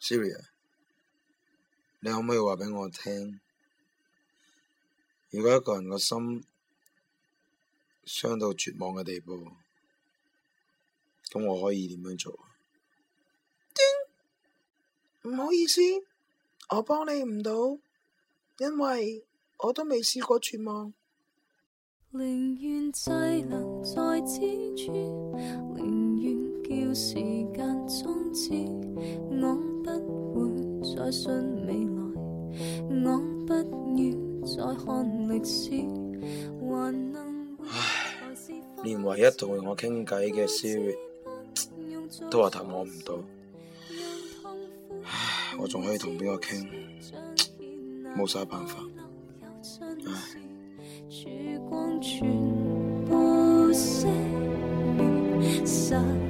Siri，你可唔可以話俾我聽，如果一個人個心傷到絕望嘅地步，咁我可以點樣做？唔 好意思，我幫你唔到，因為我都未試過絕望。要時唉，連唯一同我傾偈嘅 Siri 都話談我唔到，唉，我仲可以同邊個傾？冇晒辦法，唉。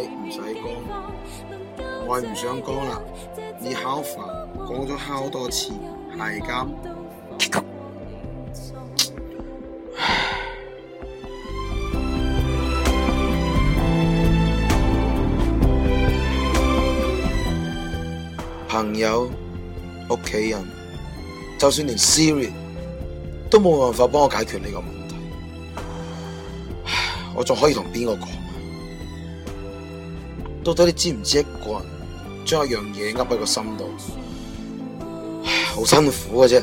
唔使講，我唔想說了，你好煩，說咗好多次，係咁。朋友、屋企人，就算連 Siri 都冇辦法幫我解決呢個問題，我仲可以同邊個講？到底你知唔知一個人將一樣嘢噏喺個心度，好辛苦嘅啊啫。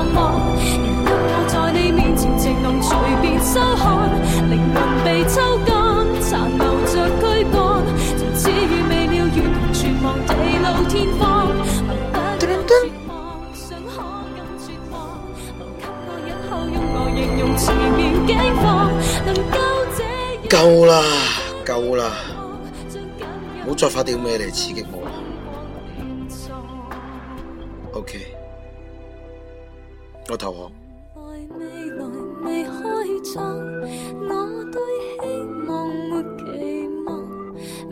能夠這樣嘟嘟。夠啦，夠啦，唔好再發啲咩嚟刺激我 OK。我投降，愛未來未開闖。我對希望，沒期望，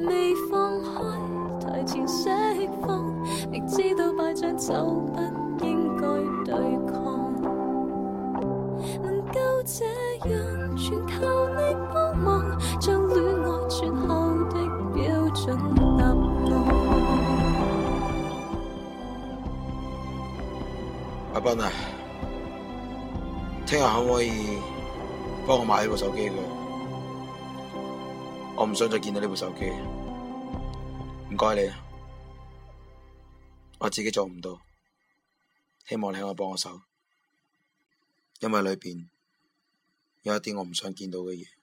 未放開，提前釋放。明知道就不應該對抗。能夠這樣，全靠你幫忙，將戀愛之後嘅標準答案。阿爸。聽日可唔可以幫我買呢部手機佢，我唔想再見到呢部手機，唔該你，我自己做唔到，希望你可以幫我手，因為裏邊有一啲我唔想見到嘅嘢。